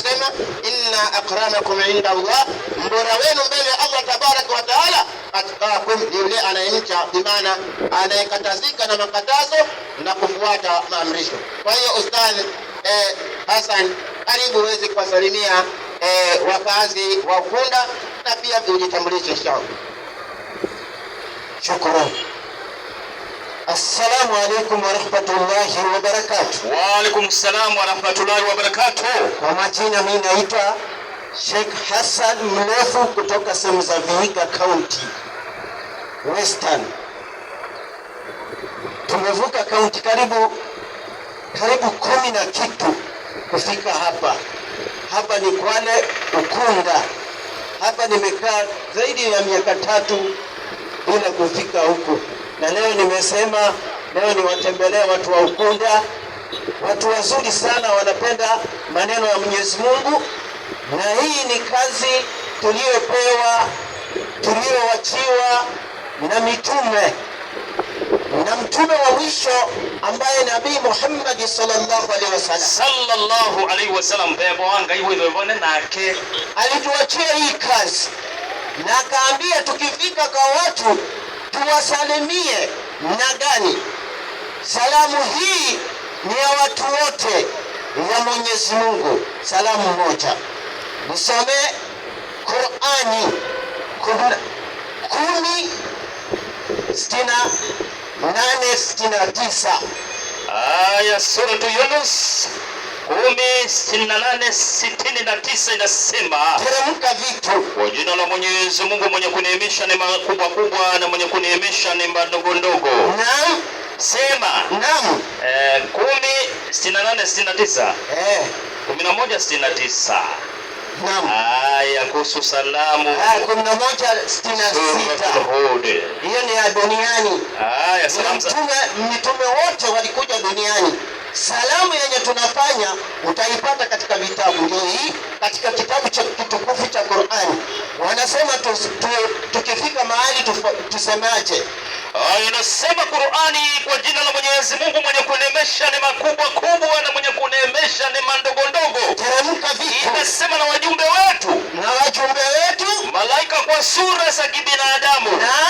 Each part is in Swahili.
anasema inna akramakum inda Allah, mbora wenu mbele ya Allah tabaraka wa taala atqakum, ni yule anayemcha, bimaana anayekatazika na makatazo na kufuata maamrisho. Kwa hiyo Ustadh eh, Hassan, karibu uweze kuwasalimia eh, wakazi wa Ukunda na pia ujitambulishe inshallah. Shukrani. Assalamu alaikum warahmatullahi wabarakatuh. Wa alaykum salam warahmatullahi wabarakatuh. Kwa majina mimi naitwa Sheikh Hassan Mlefu kutoka sehemu za Vihiga County Western. Tumevuka kaunti karibu karibu kumi na kitu kufika hapa. Hapa ni Kwale Ukunda. Hapa nimekaa zaidi ya miaka tatu bila kufika huku na leo nimesema, leo niwatembelee watu wa Ukunda, watu wazuri sana, wanapenda maneno ya Mwenyezi Mungu, na hii ni kazi tuliyopewa, tuliyowachiwa na mitume na mtume wa mwisho ambaye Nabii Muhammad sallallahu alaihi wasallam sallallahu alaihi wasallam bebo wanga iwe bebone nake alituachia hii kazi na akaambia tukifika kwa watu tuwasalimie na gani? Salamu hii ni ya watu wote ya Mwenyezi Mungu, salamu moja. Nisome Qurani kumi sitini nane sitini tisa aya suratu Yunus kumi sitini na nane sitini na tisa inasema teremka vitu kwa jina la Mwenyezi Mungu mwenye kuneemesha neema kubwa kubwa na mwenye kuneemesha neema ndogo ndogo. Naam, sema naam. Eh, kumi sitini na nane sitini na tisa eh, kumi na moja sitini na tisa Aya kuhusu salamu ah, kumi na moja sitini na sita hiyo ni ya duniani. Aya, salamu mitume wote walikuja duniani. Salamu yenye tunafanya utaipata katika vitabu, ndio hii katika kitabu cha kitukufu cha Qur'ani. Wanasema tukifika mahali tusemaje? Ah, inasema Qur'ani kwa jina la Mwenyezi Mungu mwenye kunemesha ni makubwa kubwa na mwenye kunemesha ni mandogo ndogo. Teremka vipi? Inasema na wajumbe wetu na wajumbe wetu malaika kwa sura za kibinadamu na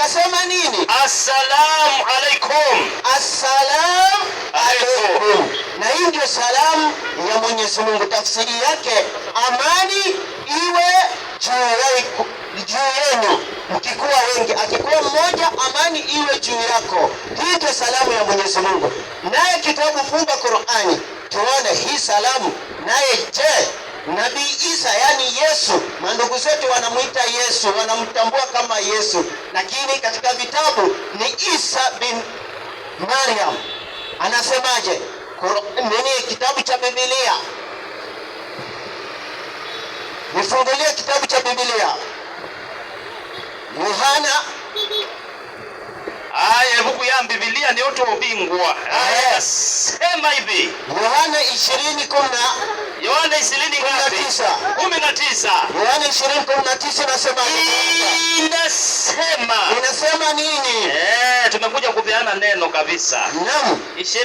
akasema nini? Assalamu alaikum, assalamu alaikum. Na hii ndio salamu ya Mwenyezi Mungu, tafsiri yake amani iwe juu yenu mkikuwa wengi, akikuwa mmoja amani iwe juu yako. Hii ndio salamu ya Mwenyezi Mungu. Naye kitabu funga Qur'ani, tuone hii salamu naye. Je, Nabii Isa yani Yesu Mandugu zetu wanamwita Yesu, wanamtambua kama Yesu, lakini katika vitabu ni Isa bin Mariam. Anasemaje nini? Kitabu cha Biblia, nifungulie kitabu cha Biblia Yohana aya buku ya Biblia ni oto obingwa yes. Sema hivi Yohana 20 Yohana 20 19 Yohana 20 nasema inasema inasema nini? Eh, tumekuja kupeana neno kabisa. Naam. 20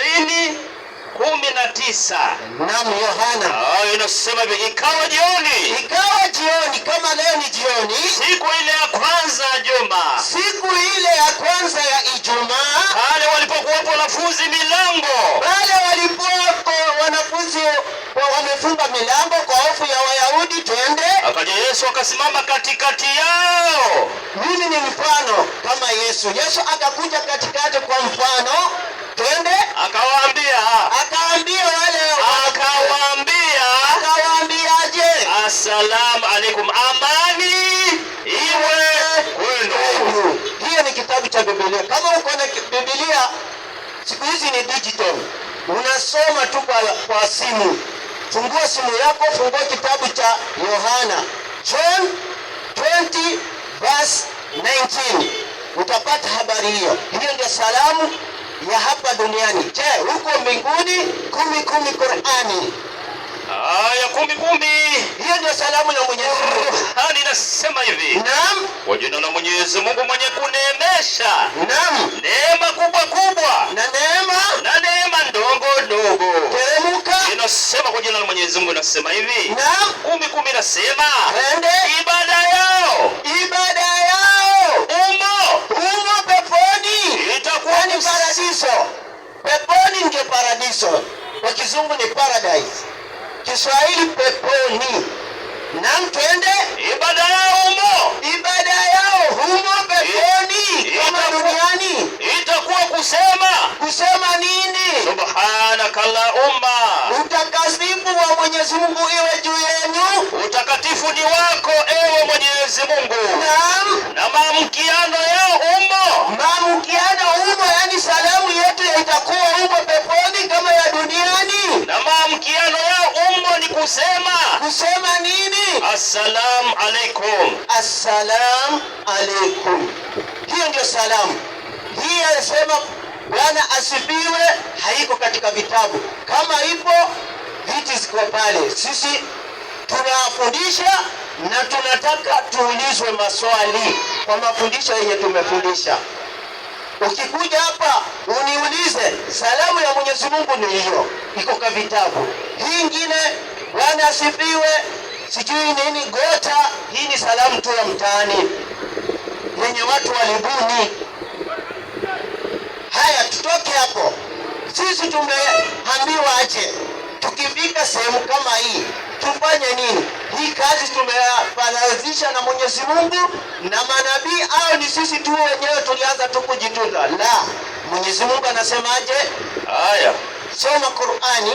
kumi na tisa naam Yohana. Ah, inasema hivi ikawa jioni, ikawa jioni, kama leo ni jioni, siku ile ya kwanza ya juma, siku ile ya kwanza ya Ijumaa, pale walipokuwapo wanafunzi milango, pale walipokuwapo wanafunzi wamefunga milango kwa hofu ya Wayahudi, twende. Akaja Yesu akasimama katikati yao. Mimi ni mfano kama Yesu. Yesu akakuja katikati kwa mfano Twende. Akawaambia, akawaambia wale, akawaambia, akawaambia aje? Asalamu alaykum, amani iwe kwenu. Hiyo ni kitabu cha Biblia. Kama uko na Biblia, siku hizi ni digital, unasoma tu kwa, kwa simu. Fungua simu yako, fungua kitabu cha Yohana John 20 verse 19 utapata habari hiyo. Hiyo ndio salamu ya hapa duniani. Je, huko mbinguni kumi kumi Qurani Aya kumi kumi. Hiyo ndio salamu ya Mwenyezi Mungu. Hani nasema hivi. Naam. Kwa jina la Mwenyezi Mungu mwenye kuneemesha. Naam. Neema kubwa kubwa. Na neema na neema ndogo ndogo. Teremka. Inasema kwa jina la Mwenyezi Mungu nasema hivi. Naam. Kumi kumi nasema. Twende. kizungu ni paradise, Kiswahili peponi, na mtuende ibada yao humo, ibada yao humo peponi, kama duniani itakuwa kusema kusema nini? Subhanaka Allahumma, utakatifu wa Mwenyezi Mungu iwe juu yenu. Utakatifu ni wako, ewe Mwenyezi Mungu, naam na maamkiano kusema kusema nini? Assalamu alaikum, assalamu alaikum. Hiyo ndio salamu hii, anasema Bwana asifiwe. Haiko katika vitabu, kama ipo viti ziko pale. Sisi tunafundisha na tunataka tuulizwe maswali kwa mafundisho yenye tumefundisha. Ukikuja hapa uniulize, salamu ya Mwenyezi Mungu ni hiyo, iko kwa vitabu. Hii ingine Bwana yaani asifiwe. Sijui nini gota hii, ni salamu tu ya mtaani yenye watu walibuni. Haya, tutoke hapo. Sisi tumeambiwa aje, tukifika sehemu kama hii tufanye nini? Hii kazi tumefaradhisha na Mwenyezi Mungu na manabii, au ni sisi tu wenyewe tulianza tu kujitunza? La, Mwenyezi Mungu anasemaje? Haya, soma Qur'ani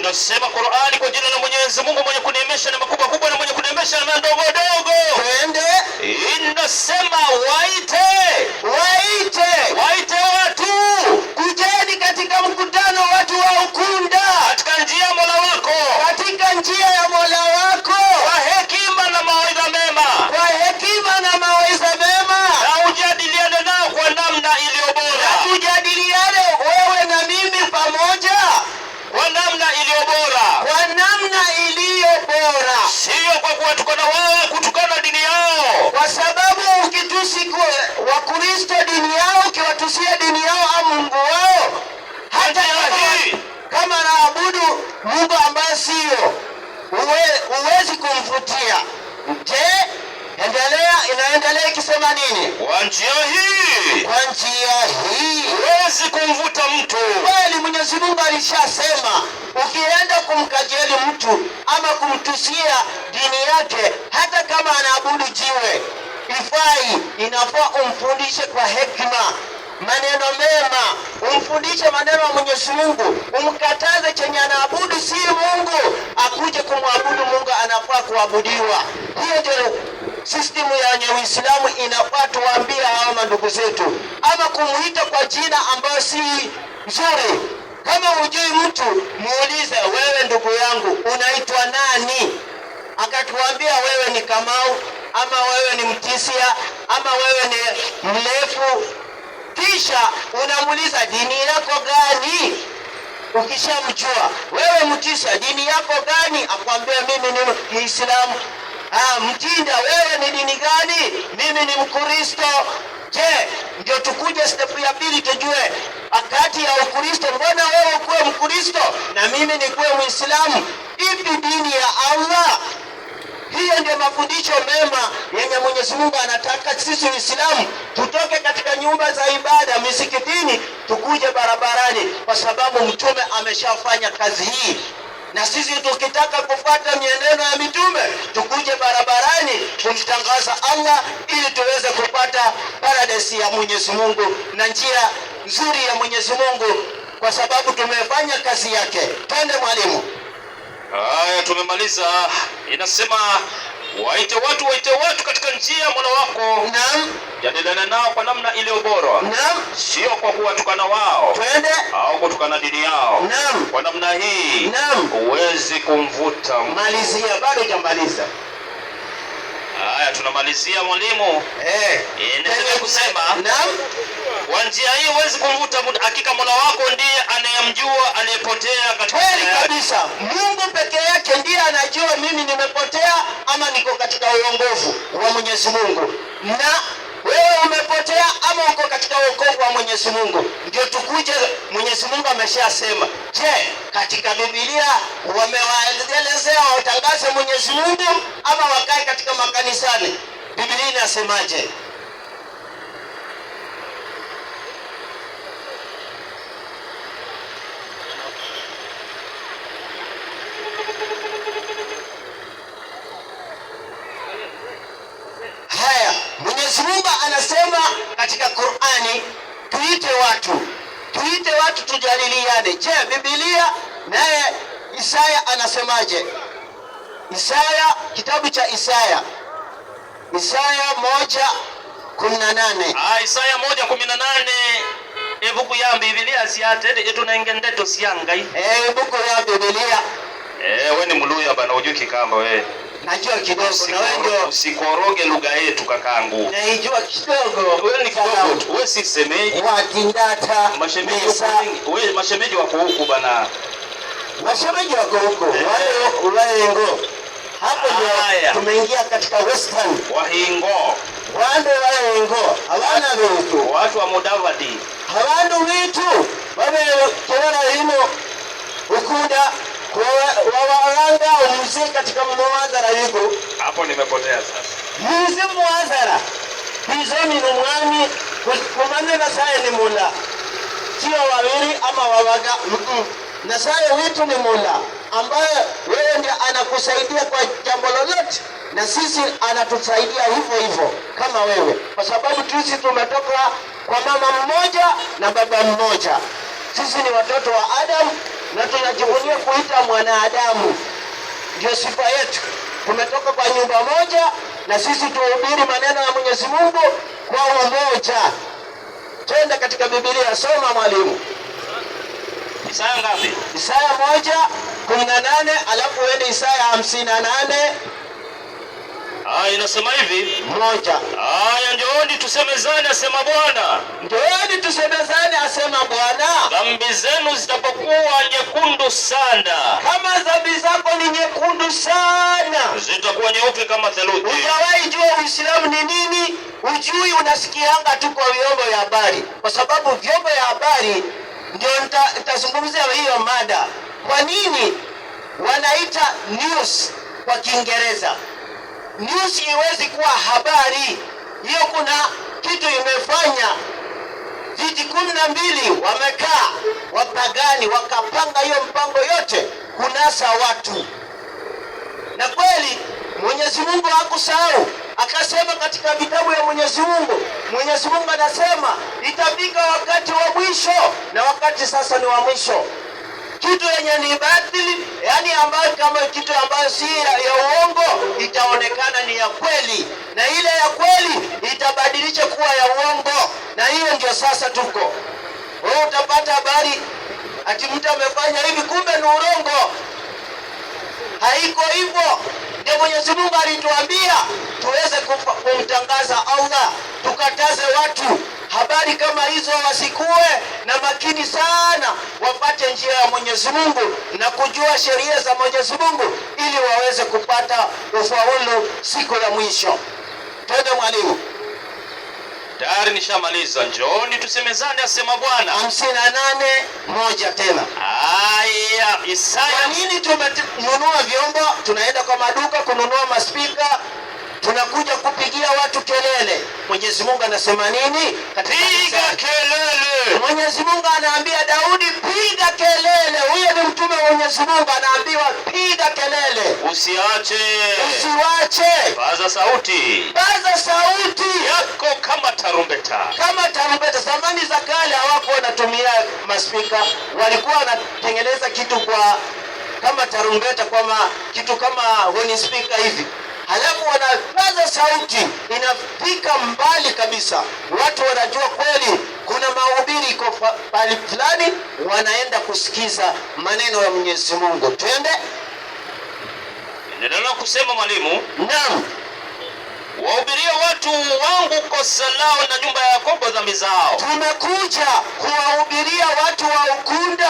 inasema Qur'ani kwa jina la Mwenyezi Mungu mwenye kuneemesha na makubwa kubwa na mwenye kuneemesha na madogo mtu ambaye sio huwezi kumvutia. Je, endelea inaendelea ikisema nini? Kwa njia hii, kwa njia hii huwezi kumvuta mtu. Kweli Mwenyezi Mungu alishasema, ukienda kumkajeli mtu ama kumtusia dini yake, hata kama anaabudu jiwe ifai, inafaa umfundishe kwa hekima maneno mema, umfundishe maneno ya Mwenyezi Mungu, umkataze chenye anaabudu si Mungu, akuje kumwabudu Mungu, anafaa kuabudiwa. Hiyo ndio sistimu ya Uislamu inafaa tuwaambie hawa mandugu zetu, ama kumuita kwa jina ambayo si nzuri. Kama hujui mtu muulize, wewe ndugu yangu unaitwa nani? Akatuambia wewe ni Kamau, ama wewe ni Mtisia, ama wewe ni mrefu kisha unamuuliza dini yako gani? Ukishamjua wewe mtisa, dini yako gani? Akwambia mimi ni Kiislamu. Ah, mtinda, wewe ni dini gani? Mimi ni Mkristo. Je, ndio tukuje step ya pili tujue kati ya Ukristo, mbona wewe ukuwe Mkristo na mimi nikuwe Muislamu? Ipi dini ya Allah? Hiyo ndio mafundisho mema yenye Mwenyezi Mungu anataka sisi Uislamu tutoke katika nyumba za ibada misikitini, tukuje barabarani, kwa sababu mtume ameshafanya kazi hii na sisi tukitaka kufuata mienendo ya mitume tukuje barabarani kumtangaza Allah ili tuweze kupata paradisi ya Mwenyezi Mungu na njia nzuri ya Mwenyezi Mungu, kwa sababu tumefanya kazi yake. Twende mwalimu. Haya, tumemaliza. Inasema waite watu, waite watu katika njia Mola wako, naam, jadiliana nao kwa namna iliyo bora, naam, sio kwa kuwatukana wao, twende au kutukana dini yao, naam. Kwa namna hii, naam, huwezi kumvuta. Malizia, bado hujamaliza. Haya, tunamalizia mwalimu, eh, endelea kusema, naam kwa njia hii huwezi kumvuta mtu. Hakika Mola wako ndiye anayemjua aliyepotea katika kweli kabisa. Mungu pekee yake ndiye anajua mimi nimepotea ama niko katika uongofu wa Mwenyezi Mungu, na wewe umepotea ama uko katika wokovu wa Mwenyezi Mungu. Ndio tukuje, Mwenyezi Mungu ameshasema. Je, katika Biblia wamewaelezea watangaze Mwenyezi Mungu ama wakae katika makanisani? Biblia inasemaje? watu tujadiliane. Je, Biblia naye Isaya anasemaje? Isaya, kitabu cha Isaya, Isaya moja kumi na nane. Ah, Isaya moja kumi na nane ebuku ya Biblia siatete etunenge ndeto siangai. Eh, ebuku ya Biblia. Eh, we ni muluya bana ujuki kamba we najua kidogo, na wewe ndio usikoroge lugha yetu kakaangu, naijua kidogo. Wewe ni kidogo tu, wewe si semeji wa Kidata. Mashemeji wako wewe, mashemeji wako huko bana, mashemeji wako huko eh. wale ngo. hapo ndio tumeingia katika western wahingo wale ngo. hawana vitu watu wa Mudavadi hawana vitu wame tawala hilo ukuda wawanga umuzie katika muadhara yuko hapo. Nimepotea sasa, muzi ni bizoni kumane na saye ni mula sio wawili ama wawaga mm -mm. saye wetu ni mula ambaye wewe ndiye anakusaidia kwa jambo lolote, na sisi anatusaidia hivyo hivyo kama wewe, kwa sababu sisi tumetoka kwa mama mmoja na baba mmoja, sisi ni watoto wa Adamu na tunajivunia kuita mwanadamu, ndio sifa yetu. Tumetoka kwa nyumba moja, na sisi tuhubiri maneno ya Mwenyezi Mungu kwa umoja. Twende katika Biblia, soma mwalimu. Isaya ngapi? Isaya moja kumi na nane alafu uende Isaya hamsini na nane Haya, inasema hivi moja. Haya, njooni tusemezane, asema Bwana, njooni tusemezane, asema Bwana, dhambi zenu zitapokuwa nyekundu sana, kama dhambi zako ni nyekundu sana, zitakuwa nyeupe kama theluthi. Ujawahi jua Uislamu ni nini? Ujui, unasikianga tu kwa vyombo vya habari, kwa sababu vyombo vya habari ndio nitazungumzia hiyo mada. Kwa nini wanaita news kwa Kiingereza? News iwezi kuwa habari hiyo. Kuna kitu imefanya viti kumi na mbili wamekaa wapagani, wakapanga hiyo mpango yote kunasa watu, na kweli Mwenyezi Mungu hakusahau akasema katika vitabu ya Mwenyezi Mungu. Mwenyezi Mungu anasema itafika wakati wa mwisho, na wakati sasa ni wa mwisho kitu yenye ni batili, yani ambayo kama kitu ambayo si ya uongo itaonekana ni ya kweli, na ile ya kweli itabadilisha kuwa ya uongo, na hiyo ndio sasa tuko. Wewe utapata habari ati mtu amefanya hivi, kumbe ni urongo, haiko hivyo. Ndio Mwenyezi Mungu alituambia tuweze kumtangaza Allah, tukataze watu Habari kama hizo wasikue na makini sana, wapate njia ya Mwenyezi Mungu na kujua sheria za Mwenyezi Mungu ili waweze kupata ufaulu siku ya mwisho. Twende mwalimu. Tayari nishamaliza, njooni tusemezane, asema Bwana. hamsini na nane moja tena. aya Isaya. Kwa nini tumenunua vyombo, tunaenda kwa maduka kununua maspika, tunakuja Kupigia watu kelele, Mwenyezi Mungu anasema nini? Piga kelele. Mwenyezi Mungu anaambia Daudi, piga kelele. Huyo ni mtume wa Mwenyezi Mungu, anaambiwa piga kelele, usiache, usiwache, paza sauti, paza sauti yako kama tarumbeta, kama tarumbeta. Zamani za kale hawako wanatumia maspika, walikuwa wanatengeneza kitu kwa kama tarumbeta, ma, kitu kama honi speaker hivi alafu wanapaza sauti, inafika mbali kabisa. Watu wanajua kweli kuna mahubiri iko pahali fulani, wanaenda kusikiza maneno ya Mwenyezi Mungu. Twende endelea kusema mwalimu. Naam, wahubiria watu wangu kosa lao na nyumba ya Yakobo dhambi zao. Tumekuja kuwahubiria watu wa Ukunda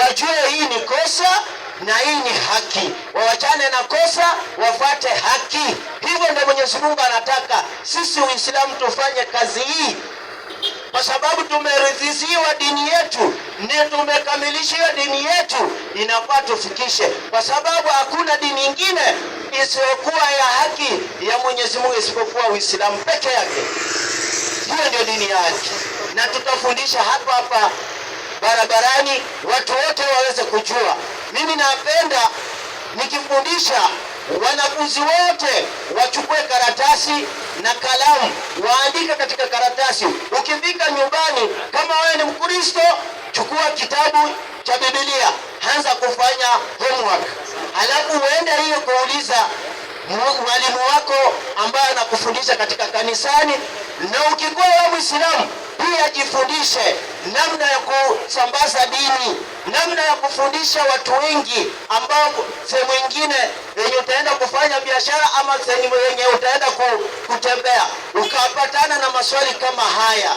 wajue hii ni kosa na hii ni haki. Wawachane na kosa, wafuate haki. Hivyo ndio Mwenyezi Mungu anataka sisi Uislamu tufanye kazi hii, kwa sababu tumeridhishiwa dini yetu na tumekamilishiwa dini yetu, inakuwa tufikishe, kwa sababu hakuna dini nyingine isiyokuwa ya haki ya Mwenyezi Mungu isipokuwa Uislamu peke yake. Hiyo ndio dini ya haki, na tutafundisha hapa hapa barabarani, watu wote waweze kujua. Mimi napenda nikifundisha wanafunzi wote wachukue karatasi na kalamu, waandike katika karatasi. Ukifika nyumbani, kama wewe ni Mkristo, chukua kitabu cha Biblia, anza kufanya homework, alafu uende hiyo kuuliza mwalimu wako ambaye anakufundisha katika kanisani, na ukikuwa wewe Muislamu pia jifundishe namna ya kusambaza dini, namna ya kufundisha watu wengi ambao sehemu nyingine yenye utaenda kufanya biashara ama sehemu yenye utaenda kutembea ukapatana na maswali kama haya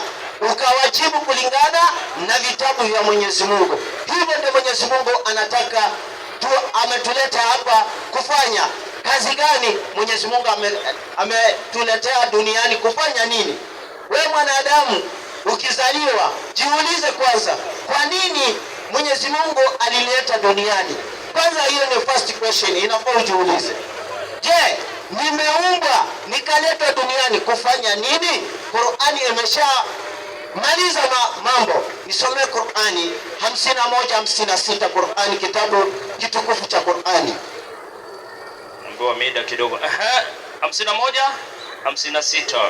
ukawajibu kulingana na vitabu vya Mwenyezi Mungu. Hivyo ndio Mwenyezi Mungu anataka tu, ametuleta hapa kufanya kazi gani? Mwenyezi Mungu ametuletea ame duniani kufanya nini? We mwanadamu ukizaliwa, jiulize kwanza, kwa nini Mwenyezi Mungu alileta duniani? Kwanza hiyo ni first question, inafaa ujiulize. Je, nimeumbwa nikaletwa duniani kufanya nini? Qur'ani imesha maliza ma mambo. Nisomee Qur'ani 51 56, Qur'ani kitabu kitukufu cha Qur'ani. Ngoa mida kidogo. Aha, 51 56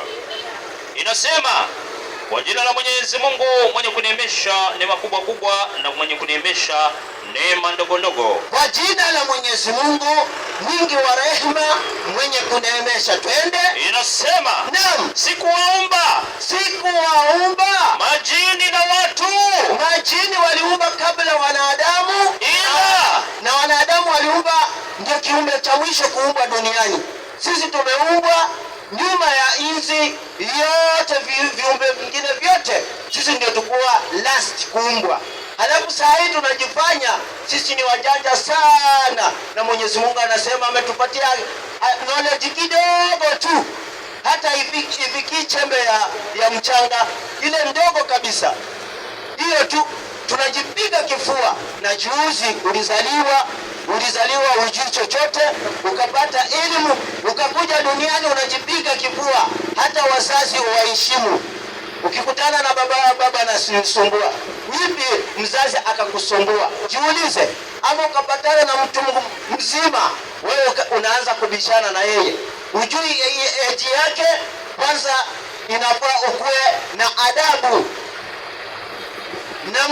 inasema kwa jina la Mwenyezi Mungu mwenye kuneemesha neema kubwa kubwa na mwenye kuneemesha neema ndogo ndogo. Kwa jina la Mwenyezi Mungu mwingi wa rehema mwenye kuneemesha. Twende, inasema naam, sikuwaumba sikuwaumba majini na watu, majini waliumba kabla wanadamu, ila ah, na wanadamu waliumba, ndio kiumbe cha mwisho kuumbwa duniani. Sisi tumeumbwa nyuma ya hizi yote viumbe vingine vyote, sisi ndio tukuwa last kuumbwa. Halafu saa hii tunajifanya sisi ni wajanja sana, na Mwenyezi Mungu anasema ametupatia ah, knowledge kidogo tu, hata ifikii chembe ya, ya mchanga ile ndogo kabisa, hiyo tu tunajipiga kifua. Na juzi ulizaliwa ulizaliwa hujui chochote, ukapata elimu, ukakuja duniani unajipiga kifua, hata wazazi waheshimu. Ukikutana na baba baba anasumbua, vipi mzazi akakusumbua? Jiulize. Ama ukapatana na mtu mzima, wewe unaanza kubishana na yeye, ujui eji yake. Kwanza inafaa ukuwe na adabu na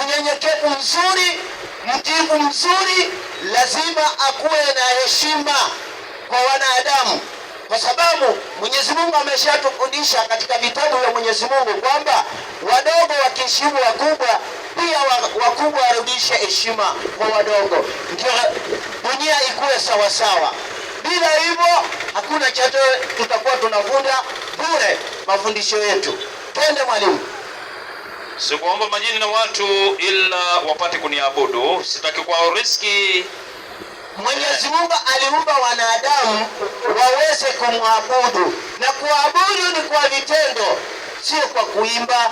mnyenyekevu mzuri Mjibu mzuri lazima akuwe na heshima kwa wanadamu, kwa sababu Mwenyezi Mungu ameshatufundisha katika vitabu vya Mwenyezi Mungu kwamba wadogo wakiheshimu wakubwa, pia wakubwa warudishe heshima kwa wadogo, ndio dunia ikuwe sawasawa. Bila hivyo hakuna chato tutakuwa tunavunda bure mafundisho yetu. Twende mwalimu. Sikuomba majini na watu ila wapate kuniabudu, sitaki kwao riski. Mwenyezi Mungu aliumba wanadamu waweze kumwabudu, na kuabudu ni kwa vitendo, sio kwa kuimba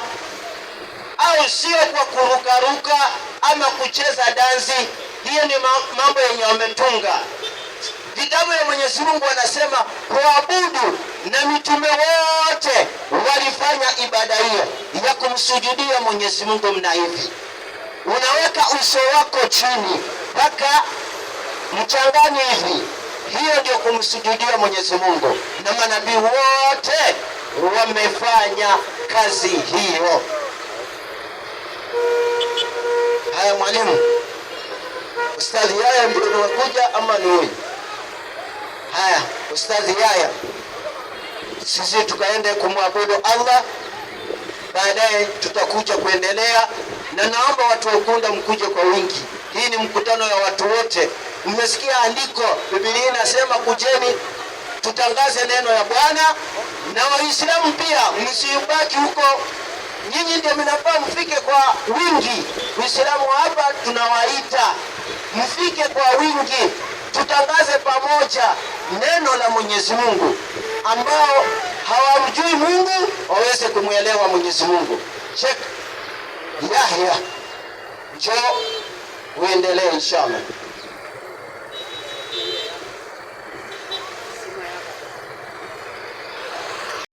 au sio kwa kurukaruka ama kucheza dansi. Hiyo ni mambo yenye wametunga vitabu ya Mwenyezi Mungu wanasema kuabudu, na mitume wote walifanya ibada hiyo kumsujudia Mwenyezi Mungu mnaivi, unaweka uso wako chini mpaka mchangani hivi. Hiyo ndio kumsujudia Mwenyezi Mungu, na manabii wote wamefanya kazi hiyo. Haya, mwalimu ustadhi, yaya ndio nimekuja ama ni huyu? Haya ustadhi, yaya sisi tukaende kumwabudu Allah baadaye tutakuja kuendelea, na naomba watu wa Ukunda mkuje kwa wingi. Hii ni mkutano ya watu wote. Mmesikia andiko, Biblia inasema kujeni tutangaze neno ya Bwana. Na Waislamu pia msibaki huko, nyinyi ndio mnafaa mfike kwa wingi. Waislamu hapa tunawaita mfike kwa wingi, tutangaze pamoja neno la Mwenyezi Mungu ambao hawamjui Mungu waweze kumwelewa Mwenyezi Mungu. Sheikh Yahya, njoo uendelee inshallah.